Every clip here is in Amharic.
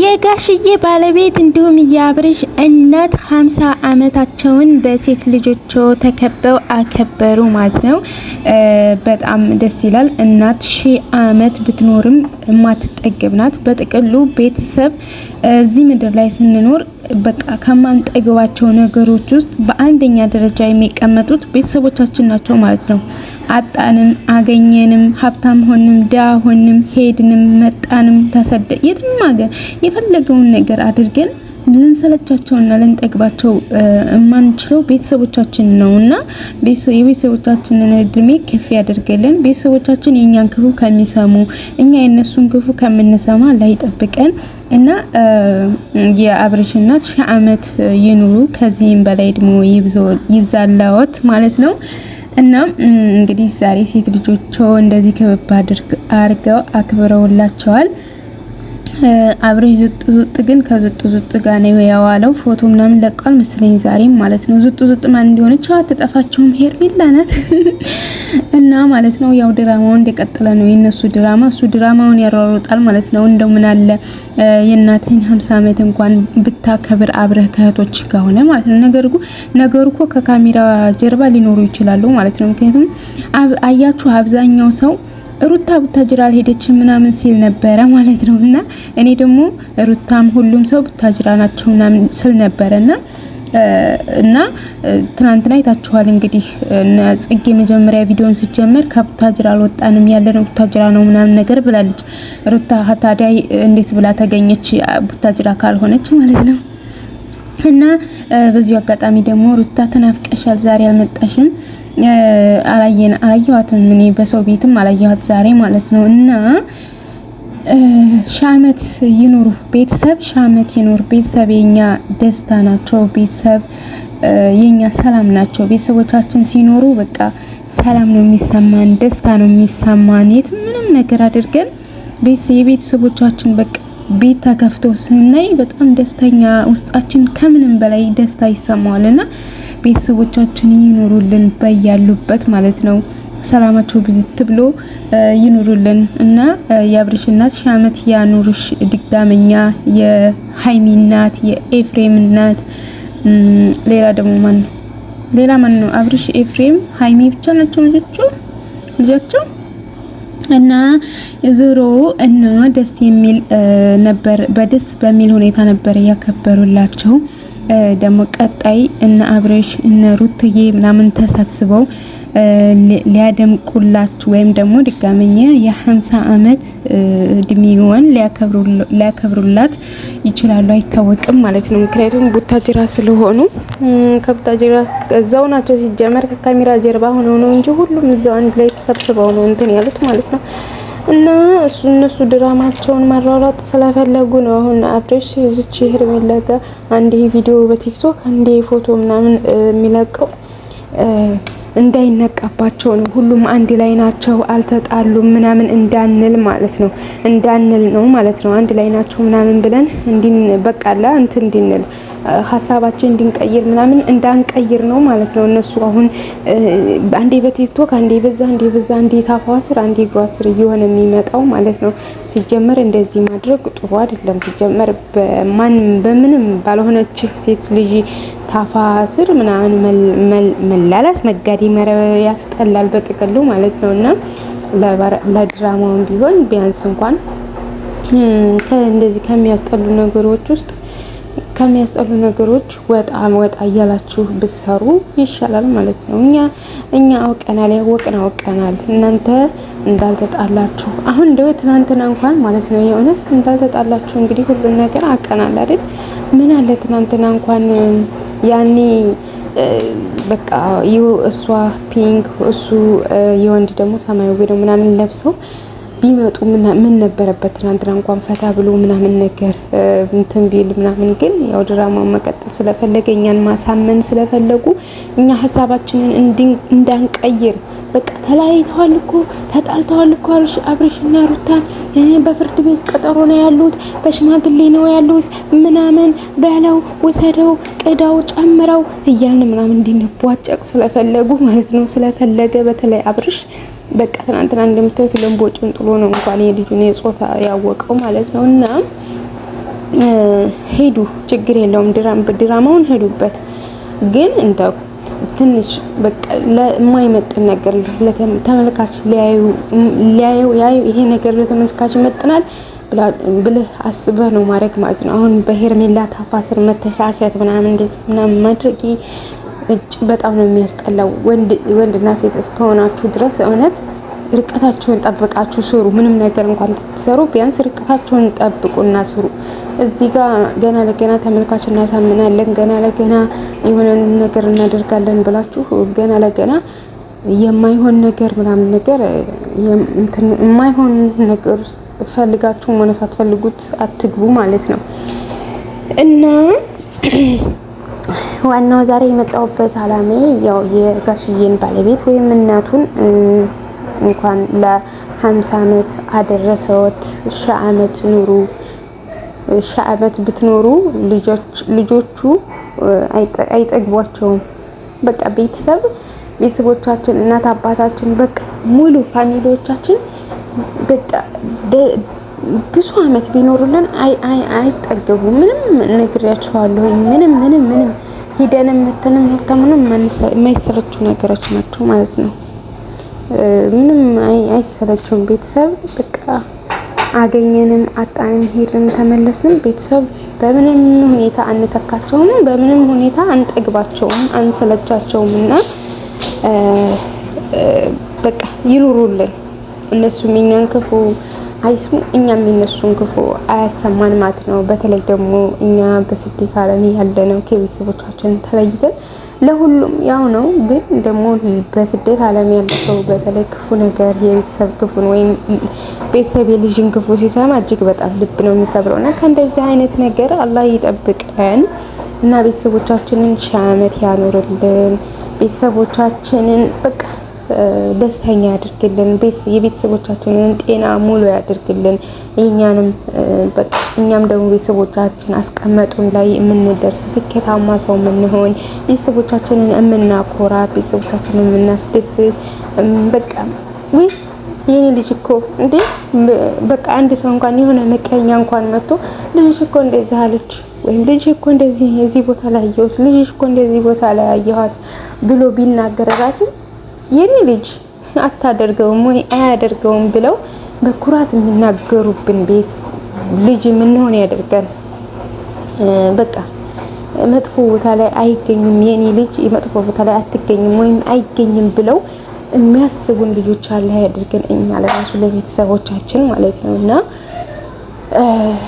የጋሽዬ ባለቤት እንዲሁም የአብርሽ እናት ሀምሳ አመታቸውን በሴት ልጆች ተከበው አከበሩ ማለት ነው። በጣም ደስ ይላል። እናት ሺህ አመት ብትኖርም የማትጠገብ ናት። በጥቅሉ ቤተሰብ እዚህ ምድር ላይ ስንኖር በቃ ከማንጠግባቸው ነገሮች ውስጥ በአንደኛ ደረጃ የሚቀመጡት ቤተሰቦቻችን ናቸው ማለት ነው። አጣንም፣ አገኘንም፣ ሀብታም ሆንም፣ ድሃ ሆንም፣ ሄድንም፣ መጣንም፣ ተሰደ የትም ሀገር የፈለገውን ነገር አድርገን ልንሰለቻቸውና ልንጠግባቸው የማንችለው ቤተሰቦቻችን ነው እና የቤተሰቦቻችንን እድሜ ከፍ ያደርገልን። ቤተሰቦቻችን የእኛን ክፉ ከሚሰሙ እኛ የእነሱን ክፉ ከምንሰማ ላይ ጠብቀን እና የአብርሽ እናት ሺህ አመት ይኑሩ፣ ከዚህም በላይ ደግሞ ይብዛላዎት ማለት ነው። እና እንግዲህ ዛሬ ሴት ልጆቸው እንደዚህ ክብብ አድርገው አክብረውላቸዋል። አብሬ ዙጥ ዙጥ ግን ከዙጥ ዙጥ ጋር ነው የዋለው። ፎቶ ምናምን ለቋል መስለኝ ዛሬም ማለት ነው። ዙጥ ዙጥ ማን እንደሆነች አትጠፋቸውም ሄርሜላ ናት እና ማለት ነው። ያው ድራማው እንደቀጠለ ነው የነሱ ድራማ። እሱ ድራማውን ያሯሩጣል ማለት ነው። እንደው ምን አለ የእናትህን 50 ዓመት እንኳን ብታከብር አብረህ ከእህቶች ጋር ሆነ ማለት ነው። ነገር ነገሩ እኮ ከካሜራ ጀርባ ሊኖሩ ይችላሉ ማለት ነው። ምክንያቱም አያችሁ አብዛኛው ሰው ሩታ ቡታጅራ አልሄደችም ምናምን ሲል ነበረ ማለት ነው። እና እኔ ደግሞ ሩታም ሁሉም ሰው ቡታጅራ ናቸው ምናምን ስል ነበረና እና ትናንትና አይታችኋል እንግዲህ ጽጌ መጀመሪያ ቪዲዮን ሲጀመር ከቡታጅራ አልወጣንም ያለነው ቡታጅራ ነው ምናምን ነገር ብላለች። ሩታ ታዲያ እንዴት ብላ ተገኘች ቡታጅራ ካልሆነች ማለት ነው። እና በዚሁ አጋጣሚ ደግሞ ሩታ ተናፍቀሻል፣ ዛሬ አልመጣሽም አላየን አላየኋትም እኔ በሰው ቤትም አላየኋት ዛሬ ማለት ነው። እና ሻመት ይኑር ቤተሰብ ሻመት ይኑር ቤተሰብ የኛ ደስታ ናቸው። ቤተሰብ የኛ ሰላም ናቸው። ቤተሰቦቻችን ሲኖሩ በቃ ሰላም ነው የሚሰማን፣ ደስታ ነው የሚሰማን። የት ምንም ነገር አድርገን ቤተሰብ የቤተሰቦቻችን በቃ ቤት ተከፍቶ ስናይ በጣም ደስተኛ ውስጣችን ከምንም በላይ ደስታ ይሰማዋል። ቤተሰቦቻችን ይኑሩልን በያሉበት ማለት ነው። ሰላማቸው ብዝት ብሎ ይኑሩልን እና የአብርሽ እናት ሺህ ዓመት ያኑርሽ። ድጋመኛ የሀይሚ እናት፣ የኤፍሬም እናት፣ ሌላ ደግሞ ማን ነው? ሌላ ማን ነው? አብርሽ፣ ኤፍሬም፣ ሀይሚ ብቻ ናቸው ልጆቹ ልጃቸው እና ዞሮ እና ደስ የሚል ነበር። በደስ በሚል ሁኔታ ነበር ያከበሩላቸው። ደግሞ ቀጣይ እነ አብረሽ እነ ሩትዬ ምናምን ተሰብስበው ሊያደምቁላችሁ ወይም ደግሞ ድጋመኛ የሀምሳ አመት እድሜዋን ሊያከብሩላት ይችላሉ። አይታወቅም ማለት ነው። ምክንያቱም ቡታጅራ ስለሆኑ ከቡታጅራ እዛው ናቸው። ሲጀመር ከካሜራ ጀርባ ሆነው ነው እንጂ ሁሉም እዛው አንድ ላይ ተሰብስበው ነው እንትን ያሉት ማለት ነው። እና እሱ እነሱ ድራማቸውን መሯሯጥ ስለፈለጉ ነው። አሁን አብሬሽ እዚች ሄርሜላ ጋ አንዴ ቪዲዮ በቲክቶክ አንዴ ፎቶ ምናምን የሚለቀው እንዳይነቃባቸው ነው። ሁሉም አንድ ላይ ናቸው፣ አልተጣሉም ምናምን እንዳንል ማለት ነው እንዳንል ነው ማለት ነው። አንድ ላይ ናቸው ምናምን ብለን እንዲን በቃላ እንትን እንድንል ሀሳባችን እንድንቀይር ምናምን እንዳንቀይር ነው ማለት ነው። እነሱ አሁን አንዴ በቲክቶክ አንዴ በዛ አንዴ በዛ አንዴ ታፏ ስር አንዴ እግሯ ስር እየሆነ የሚመጣው ማለት ነው። ሲጀመር እንደዚህ ማድረግ ጥሩ አይደለም። ሲጀመር በማንም በምንም ባልሆነች ሴት ልጅ ታፋስር ምናምን መላላስ መጋዴ መረብ ያስጠላል በጥቅሉ ማለት ነው። እና ለድራማውን ቢሆን ቢያንስ እንኳን እንደዚህ ከሚያስጠሉ ነገሮች ውስጥ ከሚያስጠሉ ነገሮች ወጣ ወጣ እያላችሁ ብትሰሩ ይሻላል ማለት ነው። እኛ እኛ አውቀናል፣ ያወቅን አውቀናል። እናንተ እንዳልተጣላችሁ አሁን እንደው ትናንትና እንኳን ማለት ነው የእውነት እንዳልተጣላችሁ እንግዲህ ሁሉን ነገር አውቀናል አይደል? ምን አለ ትናንትና እንኳን ያኔ በቃ እሷ ፒንክ እሱ የወንድ ደግሞ ሰማያዊ ነው ምናምን ለብሰው ቢመጡ ምን ነበረበት? ትናንትና እንኳን ፈታ ብሎ ምናምን ነገር እንትን ቢል ምናምን። ግን ያው ድራማ መቀጠል ስለፈለገ እኛን ማሳመን ስለፈለጉ እኛ ሀሳባችንን እንዳንቀይር በቃ ተለያይተዋል እኮ ተጣልተዋል እኮ አብርሽና ሩታ በፍርድ ቤት ቀጠሮ ነው ያሉት፣ በሽማግሌ ነው ያሉት ምናምን በለው ውሰደው፣ ቅዳው፣ ጨምረው እያልን ምናምን እንዲነቧጨቅ ስለፈለጉ ማለት ነው ስለፈለገ በተለይ አብርሽ በቃ ትናንትና እንደምታዩት ለምቦጭን ጥሎ ነው እንኳን የልጁን የጾታ ያወቀው ማለት ነው። እና ሄዱ ችግር የለውም ድራማውን ሄዱበት ግን እንደ ትንሽ በቃ ለማይመጥን ነገር ተመልካች ሊያየው ያዩ ይሄ ነገር ለተመልካች ይመጥናል ብለህ አስበህ ነው ማድረግ ማለት ነው። አሁን በሄርሜላ ታፋ ስር መተሻሸት ምናምን እንደዚህ ምናምን ማድረግ እጭ በጣም ነው የሚያስጠላው። ወንድና ሴት እስከሆናችሁ ድረስ እውነት ርቀታቸውን ጠብቃችሁ ስሩ። ምንም ነገር እንኳን ትሰሩ ቢያንስ ርቀታቸውን ጠብቁና ስሩ። እዚህ ጋር ገና ለገና ተመልካች እናሳምናለን፣ ገና ለገና የሆነ ነገር እናደርጋለን ብላችሁ ገና ለገና የማይሆን ነገር ምናምን ነገር የማይሆን ነገር ውስጥ ፈልጋችሁ ሆነ ሳትፈልጉት አትግቡ ማለት ነው እና ዋናው ዛሬ የመጣሁበት አላማ ያው የጋሽዬን ባለቤት ወይም እናቱን እንኳን ለሀምሳ ዓመት አደረሰዎት። ሺህ ዓመት ኑሩ። ሺህ ዓመት ብትኖሩ ልጆቹ አይጠግቧቸውም። በቃ ቤተሰብ ቤተሰቦቻችን እናት አባታችን በቃ ሙሉ ፋሚሊዎቻችን በቃ ብዙ ዓመት ቢኖሩልን አይ አይ አይጠገቡም። ምንም ነግሬያቸዋለሁኝ። ምንም ምንም ምንም ሂደንም መተንም ሀብታምንም የማይሰለቹ ነገሮች ናቸው ማለት ነው። ምንም አይሰለችውም። ቤተሰብ በቃ አገኘንም፣ አጣንም፣ ሄድንም፣ ተመለስንም ቤተሰብ በምንም ሁኔታ አንተካቸውም፣ በምንም ሁኔታ አንጠግባቸውም፣ አንሰለቻቸውም እና በቃ ይኑሩልን እነሱም የእኛን ክፉ አይሱ እኛም የነሱን ክፉ አያሰማን ማለት ነው። በተለይ ደግሞ እኛ በስደት ዓለም ያለነው ከቤተሰቦቻችን ተለይተን ለሁሉም ያው ነው። ግን ደግሞ በስደት ዓለም ያለ ሰው በተለይ ክፉ ነገር የቤተሰብ ክፉን ወይም ቤተሰብ የልጅን ክፉ ሲሰማ እጅግ በጣም ልብ ነው የሚሰብረው እና ከእንደዚህ አይነት ነገር አላህ ይጠብቀን እና ቤተሰቦቻችንን ሺህ ዓመት ያኖርልን ቤተሰቦቻችንን በቃ ደስተኛ ያድርግልን። የቤተሰቦቻችንን ጤና ሙሉ ያድርግልን። የእኛንም በቃ እኛም ደግሞ ቤተሰቦቻችን አስቀመጡን ላይ የምንደርስ ስኬታማ ሰው የምንሆን ቤተሰቦቻችንን የምናኮራ ቤተሰቦቻችንን የምናስደስት በቃ ወይ የኔ ልጅ እኮ እንዴ በቃ አንድ ሰው እንኳን የሆነ መቀኛ እንኳን መጥቶ ልጅሽ እኮ እንደዚህ አለች ወይም ልጅ እኮ እንደዚህ እዚህ ቦታ ላይ አየሁት ልጅሽ እኮ እንደዚህ ቦታ ላይ አየኋት ብሎ ቢናገር ራሱ የኔ ልጅ አታደርገውም ወይ አያደርገውም ብለው በኩራት የሚናገሩብን ቤት ልጅ የምንሆን ያደርገን። በቃ መጥፎ ቦታ ላይ አይገኙም፣ የኔ ልጅ መጥፎ ቦታ ላይ አትገኝም ወይም አይገኝም ብለው የሚያስቡን ልጆች አለ ያደርገን። እኛ ለራሱ ለቤተሰቦቻችን ማለት ነው እና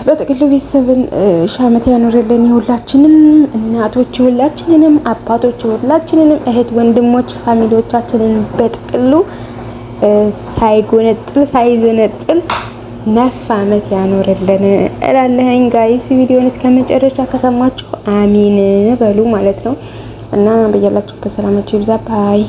በጥቅሉ ቤተሰብን ሺህ ዓመት ያኖረልን የሁላችንም እናቶች የሁላችንንም አባቶች የሁላችንንም እህት ወንድሞች ፋሚሊዎቻችንን በጥቅሉ ሳይጎነጥል ሳይዘነጥል ነፍ ዓመት ያኖረልን እላለህኝ። ጋይስ ቪዲዮን እስከ መጨረሻ ከሰማችሁ አሚን በሉ ማለት ነው እና በያላችሁበት ሰላማችሁ ይብዛ ባይ